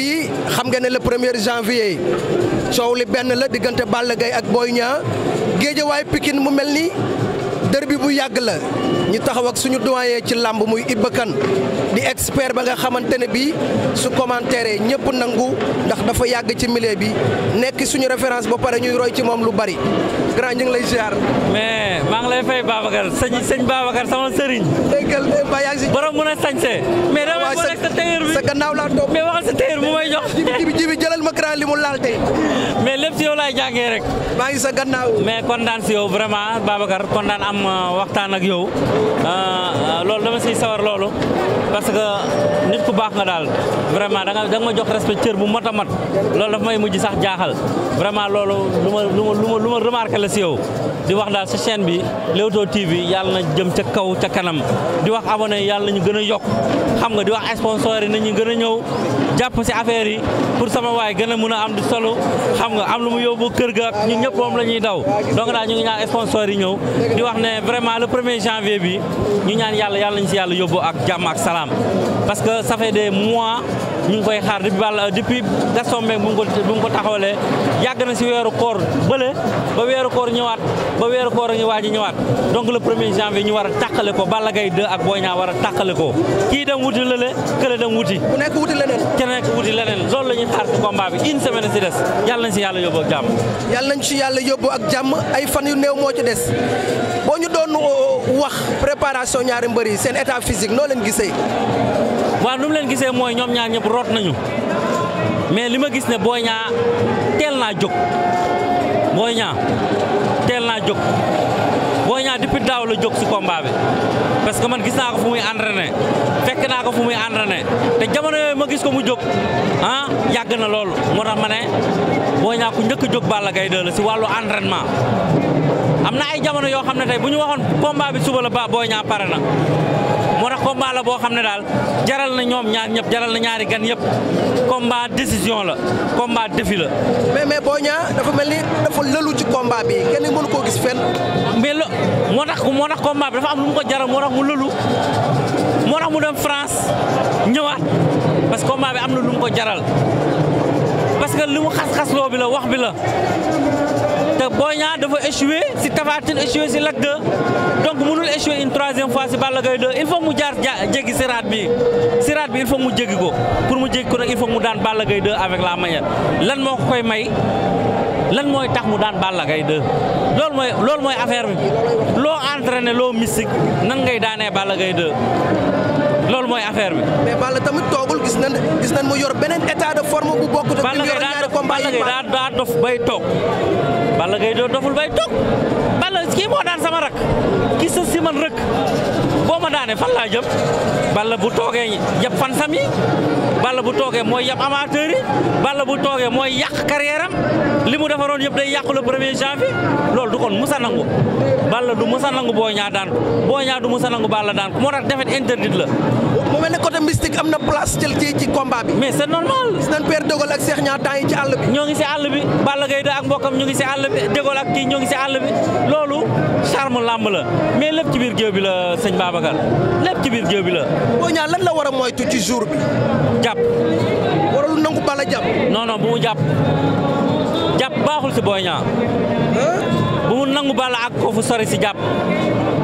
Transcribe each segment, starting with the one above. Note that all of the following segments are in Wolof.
bi xam nga ne la premier janvier coow li benn la diggante Balla Gaye ak booy Niang géejawaay pikin mu mel ni derby bu yàgg la ñu taxaw ak suñu doyen ci làmb muy Iba Kane di expert ba nga xamante ne bii su commentaire ñëpp nangu ndax dafa yàgg ci milieu bi nekk suñu référence ba pare ñuy roy ci moom lu bari grand ñu lay ziar. mais maa ngi lay fay Babacar sëñ sëñ Babacar sama sëriñ. déggal ba yaa ngi si. borom mën mais da ma boole sa téyeer bi sa gannaaw laa toog sa téyeer bu may jox. jibi jibi jëlal ma grand li mu laal mais lépp si yow laay jàngee rek. maa ngi sa gannaaw. mais kontaan si yow vraiment Babacar kontaan am euh, waxtaan ak yow. Euh, loolu dama siy sawar loolu parce que nit ku baax nga daal vraiment da nga ma jox respect cër bu mot a mat loolu dafa may mujj sax jaaxal vraiment loolu lu ma lu ma lu ma la si yow. di wax daal sa chaîne bi Leewtoo TV yàlla na jëm ca kaw ca kanam di wax abonné yàlla nañu gën a yokk xam nga di wax sponsor yi nañu gën a ñëw jàpp si affaire yi pour sama waay gën a mën a am di solo xam nga am lu mu yóbbu kër ga ñu ñëpp moom la ñuy daw donc daal ñu ngi ñaan sponsor yi ñëw di wax ne vraiment le premier janvier bi ñu ñaan yàlla yàlla nañu si yàlla yóbbu ak jàmm ak salaam parce que ça mois ñu ngi koy xaar depuis Balla depuis Gaston Mbengue bu mu ko taxawalee yàgg na si weeru koor bële ba weeru koor ñëwaat ba weeru koor a ngi waaj ñëwaat donc le premier janvier ñu war a tàqale ko Balla gay 2 ak Boy Niang war a tàqale ko kii dem wuti lële kële dem wuti ku nekk wuti leneen ku nekk wuti leneen loolu la ñuy xaar si combat bi une semaine si des yàlla nañ si yàlla yóbbu ak jàmm yàlla nañ si yàlla yóbbu ak jàmm ay fan yu néew moo ci des boo ñu doon wax préparation ñaari mbër yi seen état physique noo leen gisee. waaw nu mu leen gisee mooy ñoom ñaar ñëpp root nañu mais li ma gis ne booy ñaa teel naa jóg Boy Niang teel naa jóg Boy Niang depuis daaw la jóg si combat bi parce que man gis naa ko fu muy entraîné. fekk naa ko fu muy entraîné te jamono yooyu ma gis ko mu jóg ah yàgg na loolu moo tax ma ne Boy Niang ku njëkk jóg Balla Gaye 2 la si wàllu entraînement am na ay jamono yoo xam ne tey bu ñu waxoon combat bi suba la ba Boy Niang pare na moo tax combat la boo xam ne daal jaral na ñoom ñaar ñëpp jaral na ñaari gan yëpp combat décision la combat défi la. mais mais Boy dafa mel ni dafa lëlu ci combat bi kenn mënu koo gis fenn. mais la moo tax moo tax combat ko jaral moo tax mu dem France ñëwaat parce que combat am na lu mu ko jaral parce que li mu xas-xasloo bi la wax bi la te Boy Niang dafa échoué si Tapha Tine échoué si Lac donc mënul échoué une troisième fois si Balla Gaye 2 il faut mu jaar jéggi siraat bi siraat bi il faut mu jéggi ko pour mu jéggi ko nag il faut mu daan Balla gay 2 avec la manière lan moo ko koy may lan mooy tax mu daan Balla gay 2 loolu mooy loolu mooy affaire bi loo entraîné loo mystique nan ngay daanee Balla Gaye 2 loolu mooy affaire bi. mais Balla tamit toogul gis nañ gis nañ mu yor beneen état de forme bu bokkut ak. Balla Gaye daa dof Balla Gaye daa dof bay toog Balla Gaye doo doful bay toog Balla kii moo daan sama rak kii sa si man rëkk. boo ma daane fan laa jëm Balla bu toogee yab fan sam yi Balla bu toogee mooy yab amateur yi Balla bu toogee mooy yàq carrière am li mu defaroon yëpp day yàqu le premier janvier loolu du kon musa nangu Balla du musa nangu boo ñaa daan boo ñaa du musa nangu Balla daan ko moo tax defet interdit la côté mystique am na place ci ci combat bi. mais c'est normal. gis nañ Père Dégol ak Cheikh ñaar ci àll bi. ñoo ngi si àll bi Balla Gaye da ak mbokkam ñu ngi si àll bi Dégol ak kii ñoo ngi si àll bi loolu charme làmb la mais lépp ci biir géew bi la sëñ Babacar lépp ci biir géew bi la. boo ñaar lan la war a moytu ci jour bi. jàpp. warul nangu Balla jàpp. non non bu mu jàpp jàpp baaxul si booy bu mu nangu Balla ak ko sori si jàpp.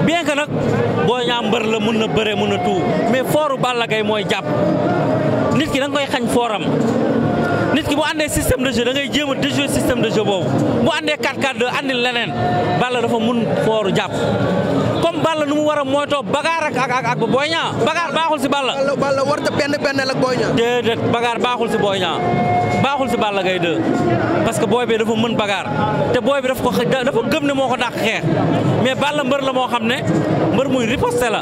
bien que nag boo Niang mbër la mun na bëree mun na tuut mais fooru Balla Gaye mooy jàpp nit ki da nga koy xañ fooram nit ki bu àndee système de jeu da ngay jéem a système de jeu boobu bu àndee 4-4-2 àndil leneen Balla dafa mun fooru jàpp comme Balla nu mu war a moytoo bagaar ak ak ak Boy Niang bagaar baaxul si Balla. Balla Balla warut a benn benn la ak Boy Niang. déedéet bagaar baaxul si Boy Niang baaxul si Balla Gaye 2 parce que booy bi dafa mën bagaar te booy bi dafa ko dafa gëm ne moo ko dàq xeex mais Balla mbër la moo xam ne mbër muy riposte la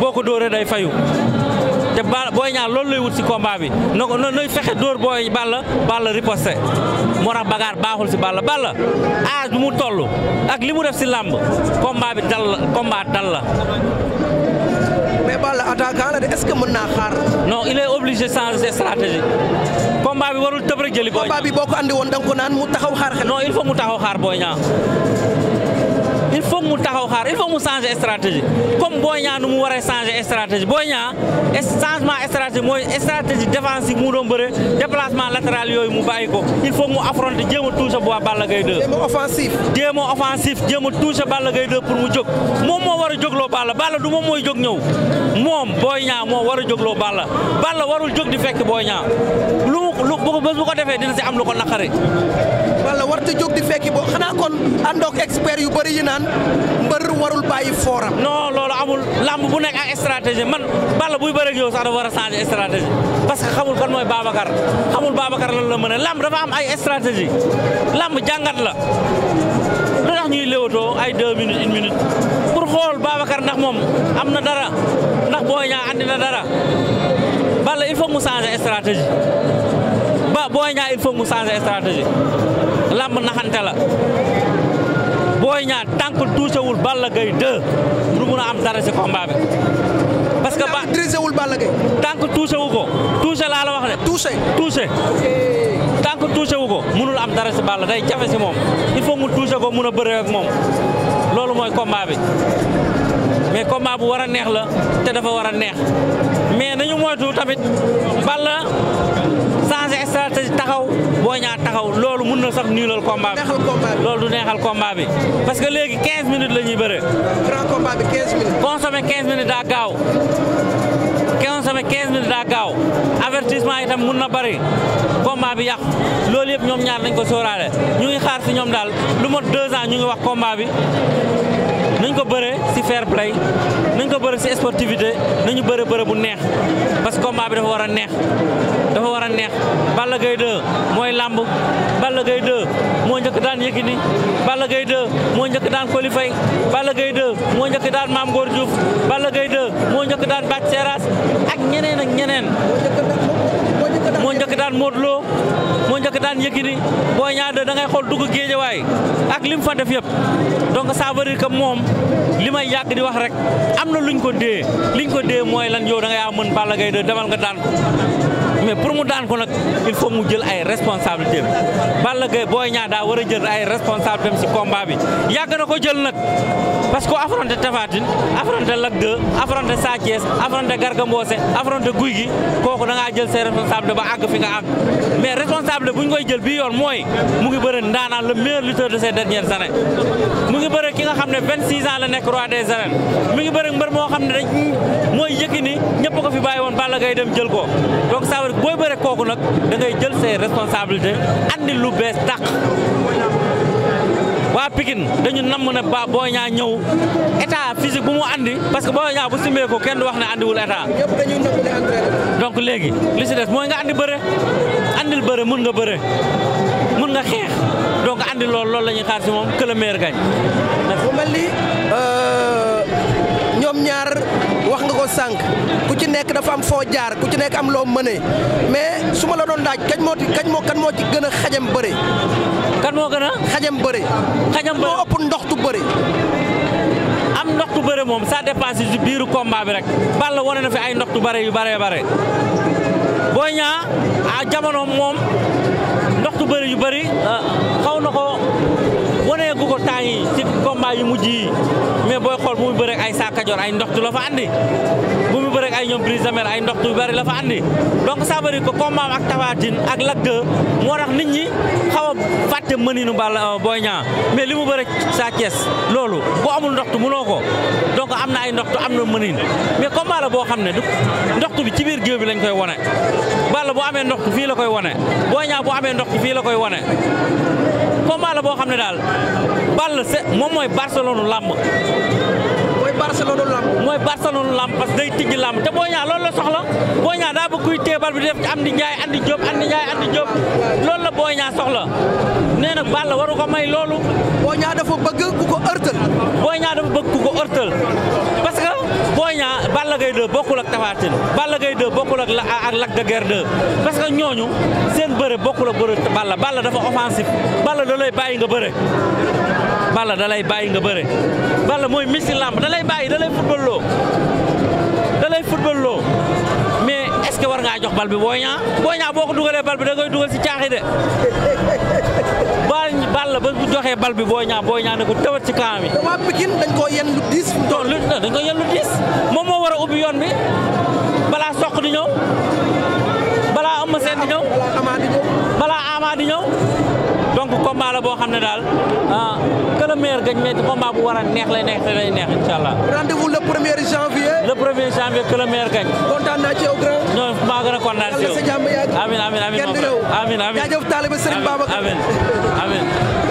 boo ko dóoree day fayu. te Balla Boy Niang loolu lay wut si combat bi na ko nooy fexe dóor booy bala Balla riposté moo tax bagaar baaxul si Balla Balla âge mu toll ak li mu def si làmb combat bi dal la combat dal la. mais Balla attaquant la de est-ce que mën naa xaar. non il est obligé changer stratégie. combat bi warul tëb rek jëli. Boy Niang boo ko andi woon da ko naan mu taxaw xaar xel. non il faut mu taxaw xaar booy Niang. il faut mu taxaw xaar il faut mu changer stratégie comme Boy Niang nu mu war a changer stratégie Boy Niang changement stratégie mooy stratégie défensive mu doon bëre déplacement latéral yooyu mu bàyyi ko il faut mu affronter jéem a toucher bu Balla Gaye 2. jéem a offensif a offensif Balla Gaye 2 pour mu jog moom moo war a jógloo Balla Balla du moom mooy jóg ñëw moom Boy Niang moo war a jógloo Balla Balla warul jóg di fekk Boy Niang. lu bés bu ko defee dina si am lu ko naqari. wala war te jóg di fekki bo xanaa kon àndoog expert yu bëri yi naan mbër warul bàyyi fooram. non loolu amul làmb bu nekk ak stratégie man Balla buy bëreeg yow sax dafa war a changer stratégie parce que xamul kan mooy Babacar xamul Babacar lan la mën a làmb dafa am ay stratégie làmb jàngat la lu tax ñuy léewatoo ay deux minutes une minute pour xool Babacar ndax moom am na dara ndax boo ñaa andi na dara Balla il faut mu boo booy ñaa il faut mu changer lamb naxante la booy ñaa tànk touché wul Balla Gaye 2 du mun a am dara ci combat parce que ba drisé wul Balla Gaye. tànk touché wu ko touché laa la wax de. touché touché. tanq touché wu ko munul am dara ci Balla day jafe ci moom il faut mu touché ko mun a bëree ak moom loolu mooy combat bi. mais combat bu war a neex la te dafa war a neex mais nañu moytu tamit Balla changé taxaw Boy Niang taxaw loolu mun na sax niilal combat bi loolu du neexal combat bi parce que léegi 15 minutes la ñuy bëre. grand combat bi 15 minutes. daa gaaw. consommé 15 minutes daa gaaw avertissement itam mun na bëri combat bi yàqu loolu yëpp ñoom ñaar nañ ko sóoraale ñu ngi xaar si ñoom daal lu mot 2 ans ñu ngi wax combat bi. nañ ko bëre si fair play nañ ko bëre si sportivité nañu bëree bëre bu neex parce que combat bi dafa war a neex dafa war a neex Balla Gaye 2 mooy làmb Balla Gaye 2 moo njëkk daan Yékini Balla Gaye 2 moo njëkk daan Coly Faye Balla Gaye 2 moo njëkk daan Mame Gor Diouf Balla Gaye 2 moo njëkk daan Bac Seras ak ñeneen ak ñeneen moo njëkk daan Modou njëkk daan Yékini Boy Niang 2 da ngay xool dugg géejawaay ak lim fa def yëpp donc ça veut moom li may yàgg di wax rek am na luñ ko dee liñ ko dee mooy lan yow da ngay mën Balla Gaye 2 demal nga daan ko mais pour mu daan ko nag il faut mu jël ay responsabilité Balla Gaye Boy Niang daa war a jël ay responsabilité ci combat bi yàgg na ko jël nag parce que affronté Tapha Tine affronté Lac 2 affronté Sa Thiès affronté Garga Mbossé affronté Gouy Gui kooku da ngaa jël ses responsabilités ba àgg fi nga àgg mais responsable bu koy jël bii yoon mooy mu ngi bëre ndaanaan le meilleur lutteur de ces dernières années mu ngi bëre ki nga xam ne 26 ans la nekk roi de arènes mu ngi bëre mbër moo xam ne dañ mooy Yékini ñëpp ko fi bàyyi woon Balla Gaye dem jël ko booy bëre kooku nag dangay jël say responsabilité andi lu bees tàq waa pikin dañu namm ne ba Boy ñaa ñëw état physique bu mu andi parce que Boy Niang bu simbee ko kenn wax ne andiwul état donc léegi li si mooy nga andi bëre lu bëre mun nga bëre mun nga xeex donc andi loolu loolu la ñuy xaar si moom que le meilleur ñoom ñaar wax nga ko sànq ku ci nekk dafa am foo jaar ku ci nekk am loo mënee mais su ma la doon laaj kañ moo ci kañ moo kan moo ci gën a xajam bëre. kan moo gën a. xajam bëre. xajam bëre moo ëpp ndoxtu bëre. am ndoxtu bëre moom ça dépasse ci biiru combat bi rek Balla wane na fi ay ndoxtu bëre yu bëree bare booy Niang a jamono moom ndoxtu bëre yu bëri. Euh, yóbbu ko temps yi ci combat yu mujj yi mais booy xool bu mu bëreeg ay Sa Kajoor ay ndoxtu la fa andi bu mu bëreeg ay ñoom Brise de ay ndoxtu yu bëri la fa andi donc ça veut dire que combat ak Tapha ak Lac 2 moo tax nit ñi xaw a fàtte mëninu Balla euh, Boy Niang mais li mu bëreeg Sa Thiès loolu boo amul ndoxtu mënoo ko donc am na ay ndoxtu am na mënin mais combat la boo xam ne du ndoxtu bi ci biir géew bi lañ koy wone Balla bu amee ndoxtu fii la koy wone Boy Niang la koy wone combat la boo xam ne daal Balla c'est moom mooy Barcelone làmb. mooy Barcelone làmb. mooy Barcelone làmb parce que day tijji làmb te Boy loolu la soxla Boy Niang daa bëgg kuy teebal bi def ci Amdi Njaay Andi Diop Amdi Njaay Andi Diop loolu la Boy Niang soxla nee na Balla waru ko may loolu. Boy Niang dafa bëgg ku ko ërtal. Boy Niang dafa bëgg ku ko ërtal parce que Boy Niang Balla Gaye de Tapha Tine Balla Gaye 2 bokkul ak ak Lac de Guiers 2 parce que ñooñu seen bëre bokkul ak bëre Balla Balla dafa offensif Balla da lay bàyyi nga bëre Balla da lay bàyyi nga bëre Balla mooy misi lamb da lay bàyyi da lay bal bi Boy Niang Boy boo ko dugalee bal bi da ngay dugal si caaxi de bal bal la ba joxee bal bi Boy Niang Boy Niang ne ko tëwat ci camp bi. waa Pikine dañ koo yen lu diis. moom moo war a ubbi yoon bi balaa soq di ñëw balaa ëmm seen di ñëw balaa amaa di ñëw. maa la boo xam ne daal ah que le meilleur gagne bu war a neex lay neex lay neex incha allah. rendez-vous le premier janvier. le premier janvier que le meilleur gagne. kontaan naa ci yow grand. maa gën a kontaan ci yow. yàlla na sa jàmm yàgg.